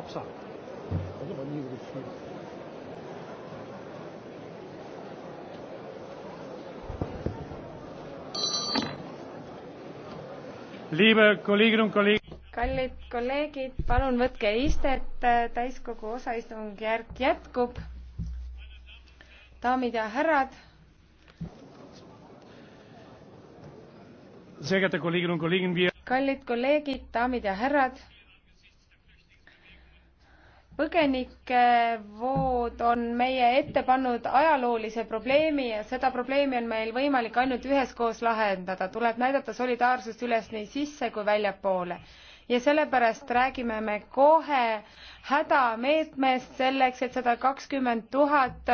Hopsa. Das ist aber nie so viel. Liebe Kolleginnen und Kollegen. kallid kolleegid, palun võtke istet, täiskogu osaistungjärk jätkub. daamid ja härrad. kallid kolleegid, daamid ja härrad põgenikevood on meie ette pannud ajaloolise probleemi ja seda probleemi on meil võimalik ainult üheskoos lahendada tuleb näidata solidaarsust üles nii sisse kui väljapoole ja sellepärast räägime me kohe hädameetmest selleks et sada kakskümmend tuhat